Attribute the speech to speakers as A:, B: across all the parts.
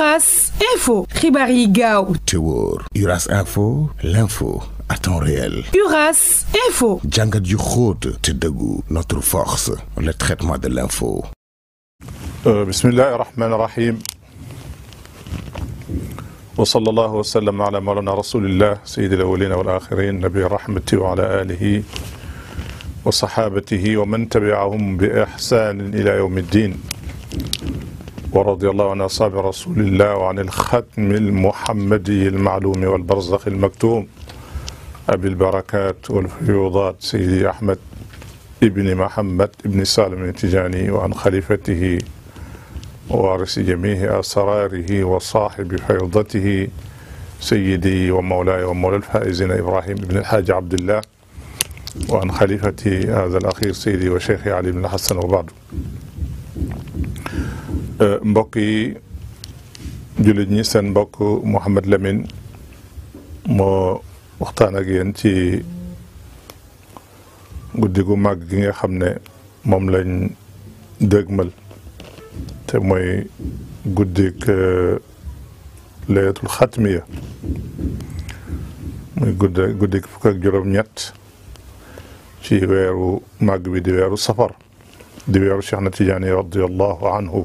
A: Uras Info, Ribari Gao. Tewor, Uras Info, l'info à temps réel. Uras Info. Djangat Yukhod, Tedegu, notre force, le traitement de l'info. بسم الله الرحمن الرحيم وصلى الله وسلم على مولانا رسول الله سيد الأولين والآخرين نبي الرحمة وعلى آله وصحابته ومن تبعهم بإحسان إلى يوم الدين ورضي الله عن أصحاب رسول الله وعن الختم المحمدي المعلوم والبرزخ المكتوم أبي البركات والفيوضات سيدي أحمد ابن محمد ابن سالم التجاني وعن خليفته وارث جميع أسراره وصاحب فيوضته سيدي ومولاي ومولى الفائزين إبراهيم بن الحاج عبد الله وعن خليفتي هذا الأخير سيدي وشيخي علي بن الحسن وبعد مبقى جلدني سن بقى محمد لمن ما وقتنا جين تي قديم ما جينا خمنة مملين دعمل تماي قديك ليلة الختمية مي قد قديك فك جرب نيت تي ويرو ما جبي ديرو سفر ديرو شيخنا تجاني رضي الله عنه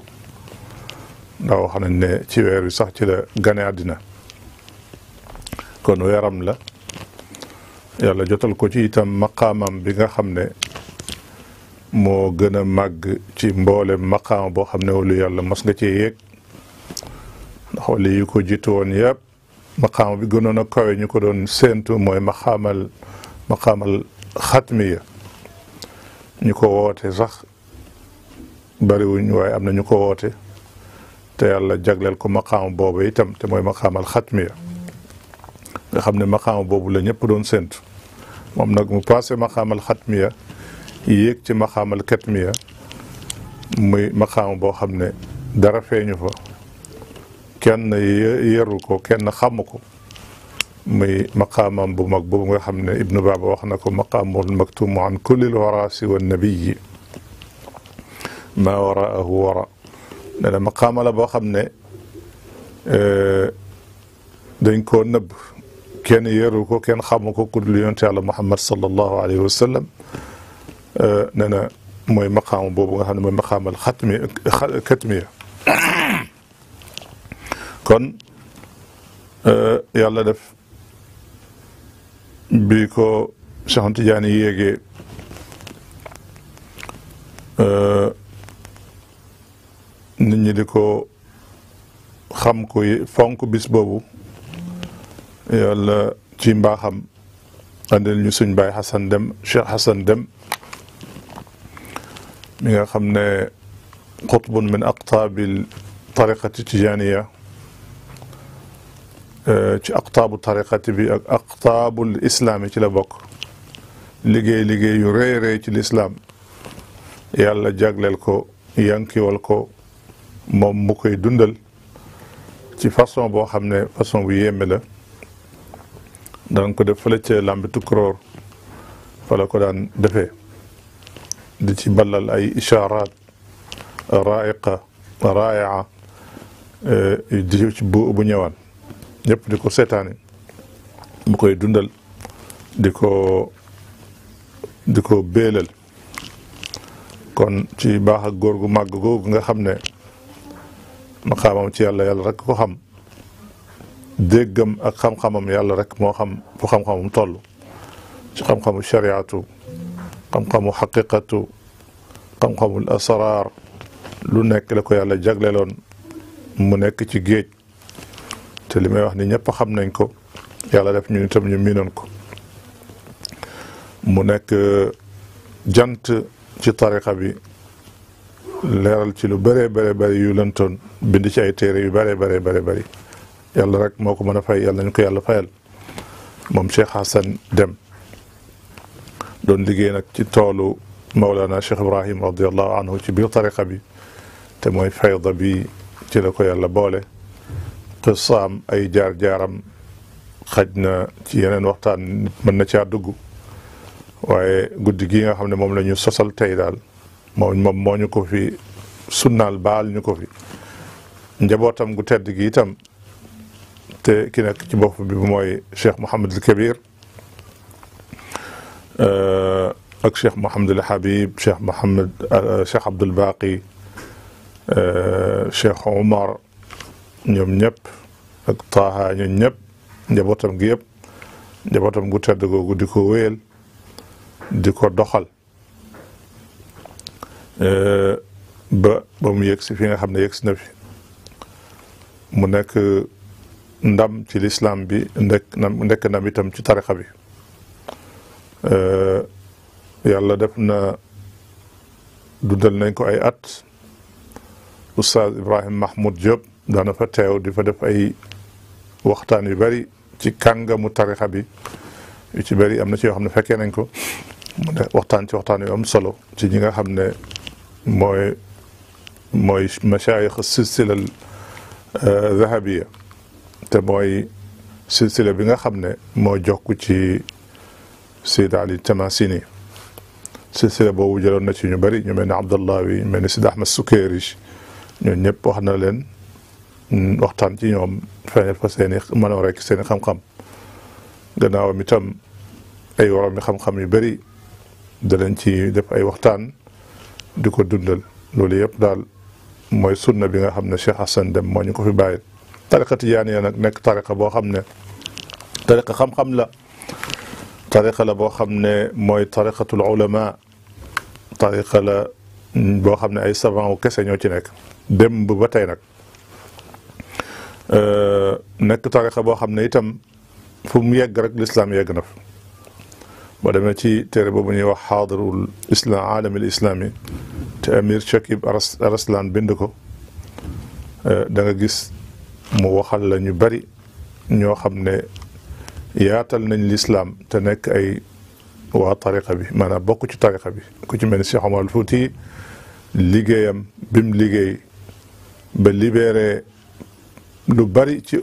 A: ndax wax ne ci weer wi sax ci la gane àddina kon weeram la yàlla jotal ko ci itam maqaamam bi nga xam ne moo gën a màgg ci mboolem maqaama boo xam ne walu yàlla mas nga ci yéeg ndax wala yi ko jiitu woon yëpp maqaama bi gënoon a kawe ñu ko doon séentu mooy maqaamal maqaamal xatmiya ñu ko woote sax bariwuñ waaye am na ñu ko woote te yàlla jagleel ko maqaama boobu itam te mooy maqaamal xatmiya nga xam ne maqaama boobu la ñëpp doon sent moom nag mu passé maqaamal xatmiya yéeg ci maqaamal muy maqaama boo xam ne dara feeñu fa kenn yeru ko kenn xamu ko muy maqaamam bu mag boobu nga xam ne ibnu baaba wax na ko maqaamul maktumu an kullil waraasi wa nabiyi maa waraahu wara ne la maqaama la boo xam ne dañ koo nëbb kenn yëru ko kenn xamu ko ku dul yonent yàlla muhammad sallallahu alayhi wa sallam nee na mooy maqaama boobu nga xam ne mooy maqaamal xatmi katmiya kon yàlla def bi ko Cheikh Tidiane yéegee di ko xam ko fonk bi boobu yàlla ci mbaaxam andil ñu suñ baay Xasan Dem Cheikh Dem mi nga xam ne qutbun min aqtaabil tariqati tijaniya eh, ci aqtaabu tariqati bi ak aqtaabul islaami ci la bokk liggéey liggéey ci lislaam yàlla jagleel ko yankiwal ko moom mu dundal ci façon boo xam ne façon bu yéeme la daan ko def fële ca làmbi tukkuroor fa ko daan defe di ci ballal ay ishaaraat raaiqa raayaa eh, di ci bu bu ñëwaan ñëpp di ko seetaani mu koy dundal di ko di ko béelal kon ci baax ak góor gu màgg googu nga xam ne maqaamam ci yàlla yàlla rek ko xam déggam ak xam-xamam yàlla rek moo xam fu xam-xamam toll ci xam-xamu shariatu xam-xamu xaqiqatu xam-xamul asraar lu nekk la ko yàlla jagleloon mu nekk ci géej te li may wax ni ñëpp xam nañ ko yàlla def ñu itam ñu miinoon ko mu nekk euh, jant ci tariqa bi leeral ci lu bëree bëri bëri yu lëntoon bind ci ay téere yu bëree bëri bëri bëri rek moo ko mën a fay yàlla nañ ko yàlla fayal moom Cheikh Hassan Deme doon liggéey nag ci toolu Mawlana Cheikh Ibrahim radiallahu anhu ci biir tariqa bi te mooy fayda bi ci la ko yàlla boole qisaam ay jaar-jaaram xaj na ci yeneen waxtaan mën na caa dugg waaye guddi gii nga xam ne moom la ñu sosal tey moom moo ñu ko fi sunnaal baal ñu ko fi njabootam gu tedd gi itam te ki nekk ci bopp bi mooy Cheikh Mouhamadul Kabir ak Cheikh Mouhamadul Habib Cheikh Mouhamad Cheikh Abdoul Baqi Cheikh Omar ñoom ñëpp ak Taha ñoom ñëpp njabootam gi yëpp njabootam gu tedd googu di ko wéyal di ko doxal Euh, ba ba mu yegg si fi nga xam ne yegg na fi mu nekk ndam ci lislaam bi nekk ndam nekk ndam itam ci tarixa bi euh, yàlla def na dundal nañ ko ay at oustaz Ibrahim Mahmoud Diop daana fa teew di fa def ay waxtaan yu bari ci mu tarixa bi yu ci bari am na ci yoo xam ne fekkee nañ ko mu ne waxtaan ci waxtaan yu am solo ci ñi nga xam ne mooy mooy machaayix silsila zahabiya euh, te mooy silsila bi nga xam ne moo jokk ci Seyd Ali Tamasini silsila boobu jëloon na ci ñu bari ñu mel ne Abdallawi ñu mel ne Sid Ahmed Sukayrij ñun na leen waxtaan ci ñoom feeñal fa seen i mënoo rek seen i xam-xam gannaawam itam ay waroom xam-xam yu bëri danañ ci def ay waxtaan diko dundal loolu yëpp daal mooy sunna bi nga xam ne Cheikh Hassan dem moo ñu ko fi bàyyil tariqa tijaaniya nag nekk tariqa boo xam ne tariqa xam-xam la tariqa la boo xam ne mooy tariqatul ulama tariqa la boo xam ne ay savant wu kese ñoo ci nekk démb ba tey nag nekk tariqa boo xam ne itam fu mu yegg rek lislaam yegg na fa wadama ci téere boobu ñuy wax xaadirul islam aalamil islami te amir chakib araslan bind ko da nga gis mu waxal la ñu bari ñoo xam ne yaatal nañ lislaam te nekk ay waa tariqa bi maanaam bokk ci tariqa bi ku ci mel ni Cheikh Omar al Fouti liggéeyam bim liggéey ba libéré lu bari ci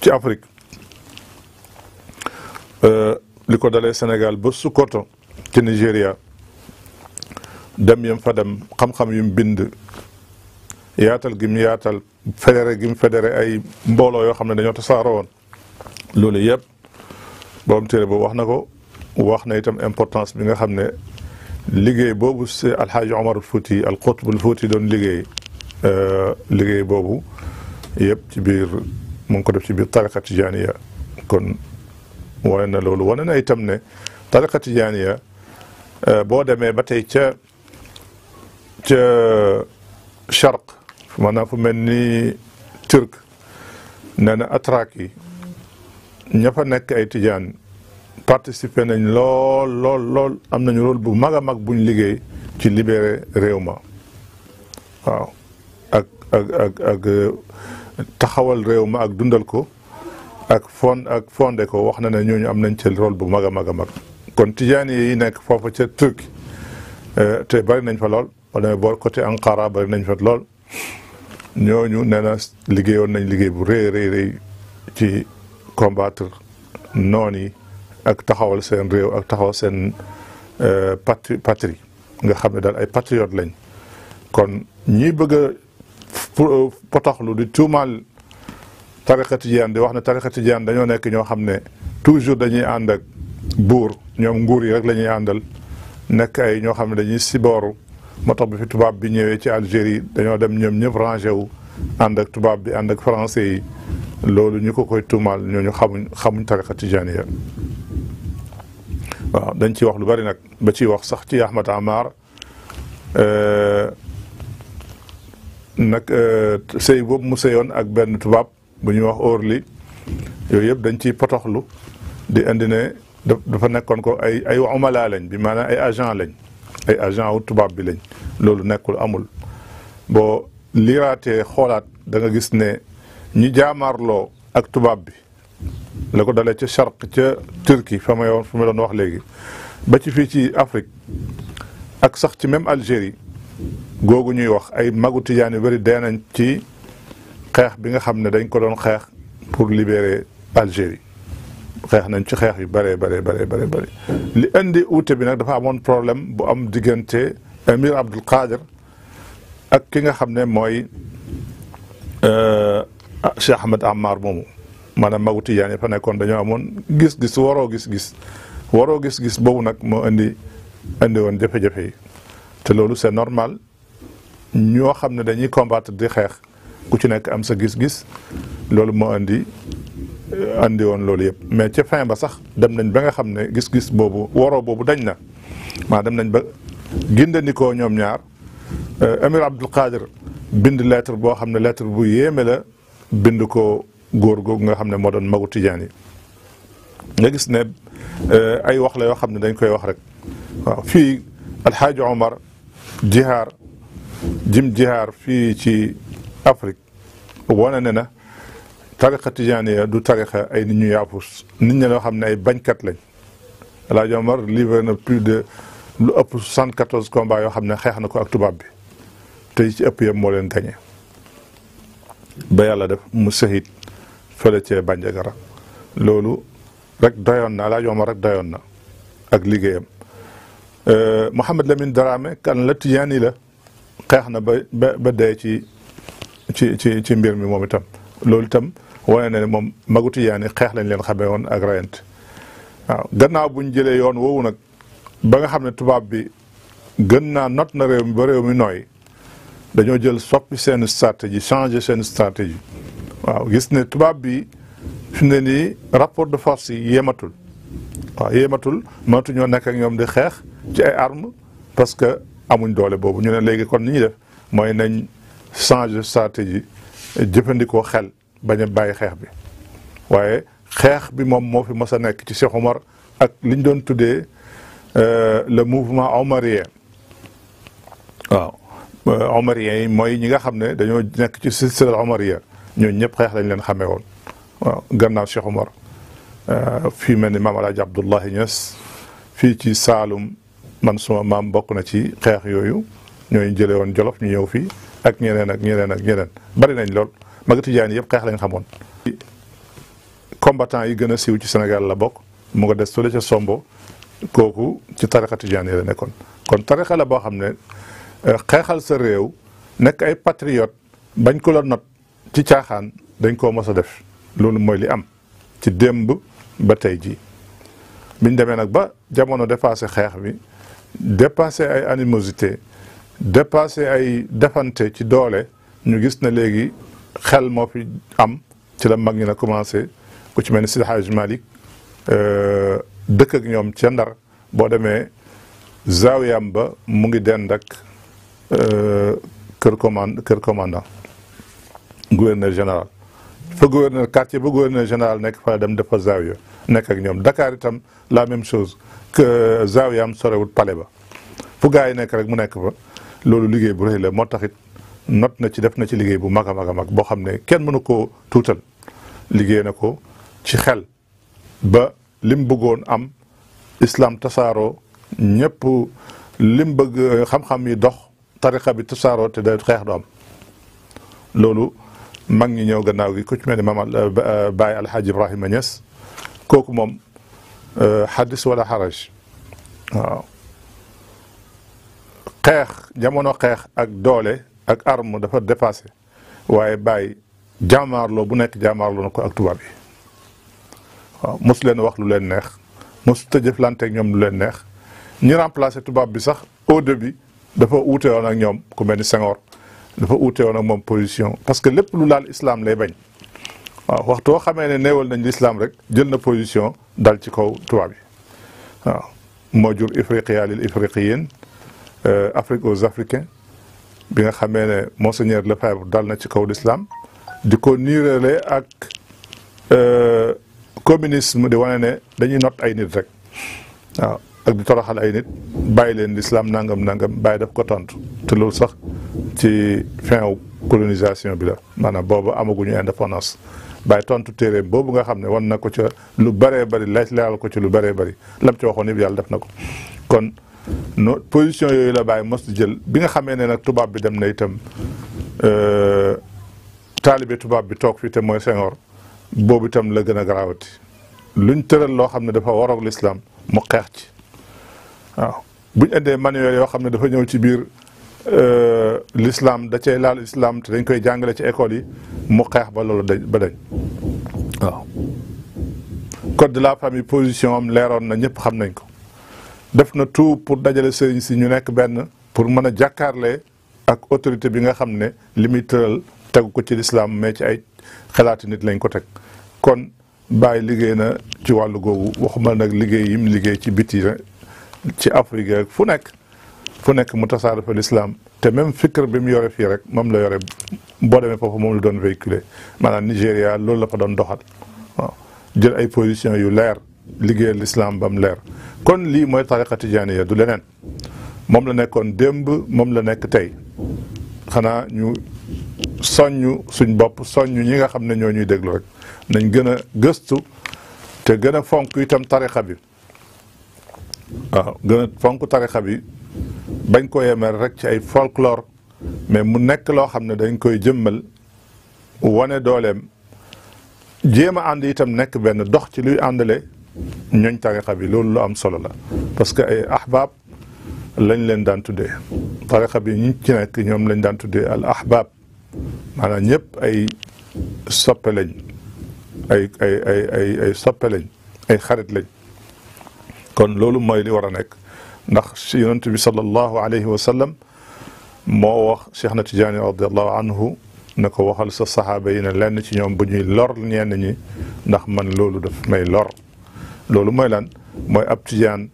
A: ci Afrique li ko dalee Sénégal ba Sokoto ci Nigéria dem yam fa dem xam-xam yu mu bind yaatal gi mu yaatal fédéré gi mu fédéré ay mbooloo yoo xam ne dañoo tasaaroo woon loolu yëpp borom téere boobu wax na ko wax na itam importance bi nga xam ne liggéey boobu si alxaaji Omar Fouti al Qutbul doon liggéey euh, liggéey boobu yëpp ci biir mu ko def ci biir tariqa tijaaniya kon wane na loolu wane na itam ne tariqa ya eh, boo demee ba tey ca ca charq maanaam fu mel ni turc nee na atraak yi ña fa nekk ay tijaan participer nañ lool lool lool am nañu rôle bu mag a mag buñ liggéey ci libéré réew ma waaw ak ak ak eh, taxawal réew ma ak dundal ko ak fond ak fondé ko wax na ne ñooñu am nañ ci rôle bu mag a mag a mag kon tiijaan yi nekk foofu ca Turquie euh, te bari nañ fa lool wala boor côté Ankara bari nañ fa lool ñooñu nee na liggéeyoon nañ liggéey bu rëy rëy rëy ci combattre noon yi ak taxawal seen réew ak taxawal seen euh, patri patrie nga xam ne daal ay patriote lañ kon ñi bëgg a potaxlu di tuumaal tariqa tijaan di wax ne tariqa tijaan dañoo nekk ñoo xam ne toujours dañuy ànd ak buur ñoom nguur yi rek la ñuy àndal nekk ay ñoo xam ne dañuy sibooru moo tax bi fi tubaab bi ñëwee ci Algérie dañoo dem ñoom ñëpp rangé wu ànd ak tubaab bi ànd ak français yi loolu ñu ko koy tuumaal ñooñu xamuñ xamuñ tariqa tijaaniya waaw dañ ci wax lu bari nag ba ci wax sax ci Ahmad Amar nag sëy boobu mu sëyoon ak benn tubaab bu ñuy wax orli yooyu yëpp dañ ciy potoxlu di indine dafa nekkoon ko ay ay umala lañ bi maanaam ay agent lañ ay agent wu tubaab bi lañ loolu nekkul amul boo liiraatee xoolaat da gis ne ñi jaamaarloo ak tubaab bi la ko dalee ca charq ca turquie fa ma yoon fa ma doon wax léegi ba ci fii ci afrique ak sax ci même algérie googu ñuy wax ay magu tijaani bari dee nañ ci xeex bi nga xam ne dañ ko doon xeex pour libérer Algérie xeex nañ ci xeex yu bëree bëree bëree bëri bëri li indi uute bi nag dafa amoon problème bu am diggante Amir Abdul Qadir ak ki nga xam ne mooy Cheikh Ahmed Ammar moomu maanaam magu Tijaan yi fa nekkoon dañoo amoon gis-gis waroo gis-gis waroo gis-gis boobu nag moo indi indi woon jafe-jafe yi te loolu c'est normal ñoo xam ne dañuy combattre di xeex ku ci nekk am sa gis-gis loolu moo andi euh, andi woon loolu yëpp mais ca fin ba sax dem nañ ba nga xam ne gis-gis boobu waroo boobu dañ na maa dem nañ ba gindandikoo ñoom ñaar euh, Amir Abdul Qadir bind lettre boo xam ne lettre bu yéeme la bind ko góor googu nga xam ne moo doon magu tijaan yi nga gis ne euh, ay wax la yoo xam ne dañ koy wax rek waaw fii alxaaji Omar jihaar jim jihaar fii ci Afrique wane ne na tarixa tijaaniya du tarixa ay nit ñu yaafus nit ñi loo xam ne ay bañkat lañ El Hadj Omar na plus de lu ëpp soixante quatorze combats yoo xam ne xeex na ko ak tubaab bi tey ci ëpp yëpp moo leen gañe ba yàlla def mu sahit fële cee Bandiagara loolu rek doyoon na El Hadj rek doyoon na ak liggéeyam euh, Mouhamed Lamine Dramé kan la tijaani la xeex na ba ba dee ci ci ci ci mbir mi moom itam loolu itam wane na ne moom magu tijaan yi xeex lañ leen xamee woon ak rayante waaw gannaaw buñ jëlee yoon woowu nag ba nga xam ne tubaab bi gën naa not na réew mi ba réew mi nooy dañoo jël soppi seen stratégie changé seen stratégie waaw gis ne tubaab bi fi ne nii rapport de force yi yéematul waaw yéematul mënatuñoo nekk ak ñoom di xeex ci ay arm parce que amuñ doole boobu ñu ne léegi kon ni ñuy def mooy nañ changer stratégie jëfandikoo xel bañ a bàyyi xeex bi waaye xeex bi moom moo fi mos a nekk ci Cheikh Omar ak li ñu doon tuddee le mouvement omarien waaw omarien yi mooy ñi nga xam ne dañoo nekk ci silsila omarien ñooñu ñëpp xeex lañ leen xamee woon waaw gannaaw Cheikh Omar fii mel ni maam Alaaji Abdullahi Niass fii ci Saalum man suma maam bokk na ci xeex yooyu ñooñu jëlee woon Jolof ñu ñëw fii ak ñeneen ak ñeneen ak ñeneen bari nañ lool maga tijaan yëpp xeex lañ xamoon. combattant yi gën a siiw ci Sénégal la bokk mu nga des fële ca Sombo kooku ci tarixa tijaan yi la nekkoon kon tarixa la boo xam ne euh, xeexal sa réew nekk ay patriote bañ ko la not ci caaxaan dañ koo mos a def loolu mooy li am ci démb ba tey ji biñ demee nag ba jamono dépassé xeex bi dépassé ay animosité dépassé ay defante ci doole ñu gis na léegi xel moo fi am ci la mag ñi la commencé ku ci mel ni Seydi Hadji Malick euh, dëkk ak ñoom ca Ndar boo demee zaawiyam ba mu ngi dend ak euh, kër commande kër commandant gouverneur général fa gouverneur quartier ba gouverneur général nekk fa dem dafa zaawiya nekk ak ñoom Dakar itam la même chose que zaawiyam sorewut palais ba fu yi nekk rek mu nekk fa loolu liggéey bu rëy moo taxit not na ci def na ci liggéey bu mag a mag a boo xam ne kenn mënu koo tuutal liggéey na ko ci xel ba lim bëggoon am islam tasaaroo ñëpp lim bëgg xam-xam yi dox tariqa bi tasaaroo te day xeex du am loolu mag ñi ñëw gannaaw gi ku ci mel ni maam Baye Alhaji Ibrahima Niass kooku moom hadis euh, wala haraj waaw خيخ جامونو خيخ اك دولي اك ارمو دفا دفاسي واي باي جامار لو بو نيك جامار لو نكو اك توبابي مسلين واخ لولين نيخ مستجف لانتك نيوم لولين نيخ ني رامبلاسي توباب بي صاح او دبي دفا اوتي اون اك نيوم كو ملني سينور دفا اوتي اون اك موم بوزيسيون باسكو ليب لو لال اسلام لاي باج waxto xamé né néwol nañ l'islam rek jël na position dal ci kaw tuwa bi waaw mo jur ifriqiya lil Euh, Afrique aux Africains bi nga xamee ne monseigneur Lefebvre dal na ci kaw l'islam di ko niirale ak euh, communisme di wane ne dañuy not ay nit rek waaw ak di toroxal ay nit bàyyi leen l'islam nangam nangam bàyyi daf ko tontu te loolu sax ci fin colonisation bi la maanaam boobu amaguñu indépendance bàyyi tontu téere boobu nga xam ne wan na ko ca lu bëree bëri laaj leeral ko ci lu baree bari lam ci waxoon yëpp yàlla def na ko no position yooyu la bàyyi mos jël bi nga xamee ne nag tubaab bi dem na itam euh, taalibe tubaab bi toog fii te mooy Senghor boobu itam la gën a lu luñ tëral loo xam ne dafa waroog lislaam mu xeex ci waaw buñ indee manuel yoo xam ne dafa ñëw ci biir euh, lislaam da cay laal islam te dañ koy jàngale ci école yi mu xeex ba loolu dañ ba dañ waaw code de la famille position am leeroon na ñëpp xam nañ ko def na tout pour dajale sëriñ si ñu nekk benn pour mën a jàkkaarle ak autorité bi nga xam ne li muy tëral tegu ko ci lislaam mais ci ay xalaati nit lañ ko teg kon Baye liggéey na ci wàllu googu waxuma nag liggéey yim liggéey ci biti ci Afrique rek fu nekk fu nekk mu tasaare fa lislaam te même fikir bi mu yore fii rek moom la yore boo demee foofu moom la doon véhiculer maanaam Nigéria loolu la fa doon doxal waaw jël ay position yu leer liggéeyal lislaam bam leer kon lii mooy tariqa tijaaniya du leneen moom la nekkoon démb moom la nekk tey xanaa ñu soññ suñ bopp soññ ñi nga xam ne ñoo ñuy déglu rek nañ gën a gëstu te gën a fonk itam tariqa bi waaw gën fonk tariqa bi bañ ko yemer rek ci ay folklore mais mu nekk loo xam ne dañ koy jëmmal wane dooleem jéem a ànd itam nekk benn dox ci luy àndale ñoñ tarixa bi loolu lu am solo la parce que ay ahbaab lañ leen daan tuddee tarixa bi ñu ci nekk ñoom lañ daan tuddee al ahbab maanaam ñëpp ay soppe lañ ay ay ay ay ay soppe lañ ay xarit lañ kon loolu mooy li war a nekk ndax si yonent bi sallallahu alayhi wa sallam moo wax Cheikh na Tijaani radiallahu anhu na ko waxal sa saxaaba yi ne lenn ci ñoom bu ñuy lor ñenn ñi ndax man loolu daf may lor loolu mooy lan mooy ab tijaan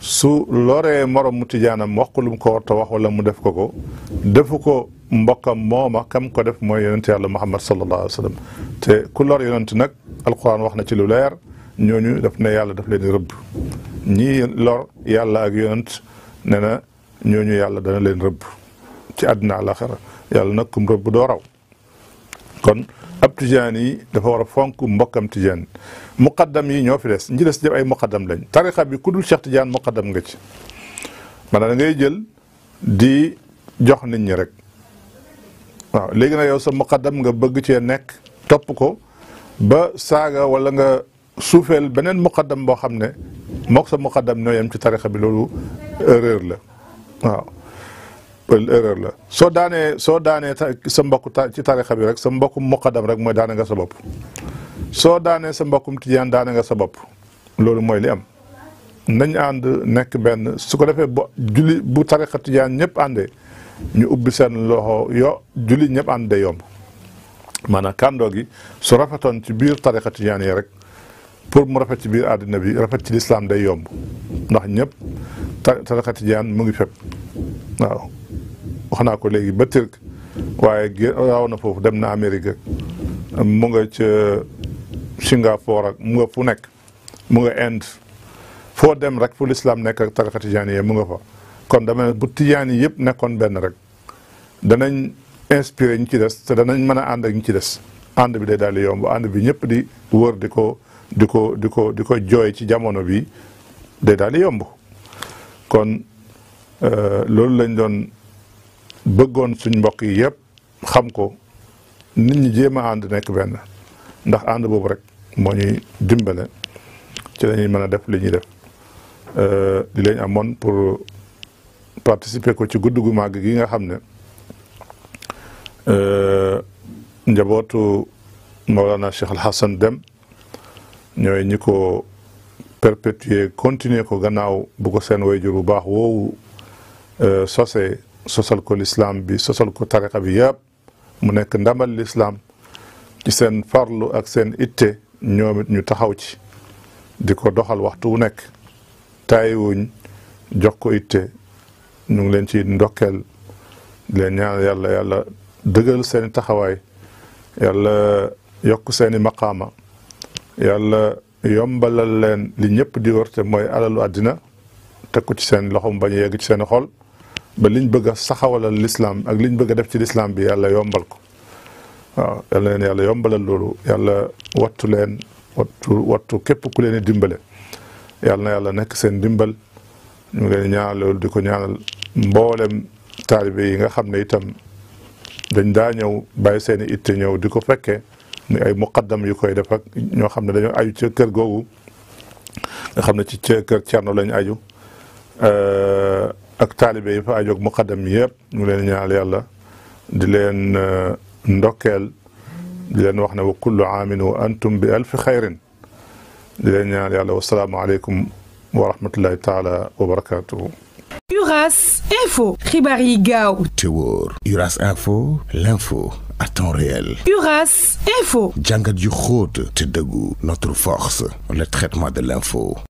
A: su loree moroom mu tijaanam wax ko ko war ta wax wala mu def ko ko defu ko mbokkam mooma kam ko def mooy yonent yàlla muhammad sallallahu alayhi te ku lor yonent nag alquran wax na ci lu leer ñooñu daf ne yàlla daf leen di rëbb ñii lor yàlla ak yonent ne na ñooñu yàlla dana leen rëbb ci àddina àlaxira yàlla nag kum rëbb doo raw kon ab tijaan yi dafa war a fonk mbokkam tijaan muqaddam yi ñoo fi des ñi des ñëpp ay muqaddam lañ tarixa bi ku dul Cheikh Tidiane muqaddam nga ci maanaam da ngay jël di jox nit ñi rek waaw léegi na yow sa muqaddam nga bëgg cee nekk topp ko ba saaga walla nga suufeel beneen muqaddam boo xam ne mook sa muqaddam ñoo yem ci tarixa bi loolu erreur la waaw erreur la soo daanee soo daanee sa mbokk ci tarixa bi rek sa mbokk muqaddam rek mooy daane nga sa bopp soo daanee sa mbokkum tijaan daane nga sa bopp loolu mooy li am nañ ànd nekk benn su ko defee bo julli bu tariqa tijaan ñëpp àndee ñu ubbi seen loxo yo julli ñëpp ànd day yomb maanaa kàndoo gi su rafetoon ci biir tariqa tijaan yi rek pour mu rafet ci biir àddina bi rafet ci lislaam day yomb ndax ñëpp tariqa tijaan mu ngi fépp waaw wax naa ko léegi ba Turc waaye raw na foofu dem na Amérique mu nga ca Singapour ak mu nga fu nekk mu nga Inde foo dem rek fu lislaam nekk ak tariqa tijaani mu nga fa kon dama ne bu tijaan yi yëpp nekkoon benn rek danañ inspiré ñu ci des te danañ mën a ànd ak ñu ci des ànd bi day daal di yomb ànd bi ñëpp di wër di ko di ko di ko di ko jooy ci jamono bi day daal di yomb kon euh, loolu lañ doon bëggoon suñ mbokk yi yëpp xam ko nit ñi jéem a ànd nekk benn ndax ànd boobu rek moo ñuy dimbale ci la ñuy mën a def li ñuy def li euh, lañ amoon pour participer ko ci gudd gu màgg gi nga xam ne euh, njabootu Mawlana Cheikh Al Hassan Deme ñooy ñi ko perpétuer continuer ko gannaaw bu ko seen wayjur bu baax woowu euh, sose sosal ko lislaam bi sosal ko tariqa bi yëpp mu nekk ndamal lislaam ci seen farlu ak seen itte ñoom it ñu taxaw ci di ko doxal waxtu wu nekk tàyyiwuñ jox ko itte ñu ngi leen ci ndokkeel di leen ñaan yàlla yàlla dëgël seeni taxawaay yàlla yokk seeni maqaama yàlla yombalal leen li ñëpp di te mooy alalu àddina te ko ci seen loxom bañ a yegg ci seen xol ba liñ bëgg a saxawalal lislaam ak liñ bëgg a def ci lislaam bi yàlla yombal ko waaw yal na leen yombalal loolu yàlla wattu leen wattu wattu képp ku leen dimbale yàlla na yàlla nekk seen dimbal ñu leen ñaanal loolu di ko ñaanal mboolem taalibe yi nga xam ne itam dañ daa ñëw bàyyi seeni i itte ñëw di ko fekke muy ay muqaddam yu koy def ak ñoo xam ne dañoo aju ca kër googu nga xam ne ci ca kër Cerno lañ aju ak taalibe yi fa aju ak muqaddam yëpp ñu ngi leen ñaanal yàlla di leen ndokel di len wax ne wa kullu amin wa antum bi alf xayrin di len ñaan yàlla wa salaamu alaykum wa rahmatullahi taala wa barakatuh Uras Info xibaar Gao. Tewor, Uras Info l'info à temps réel Uras Info jàngat yu xóot notre force le traitement de l'info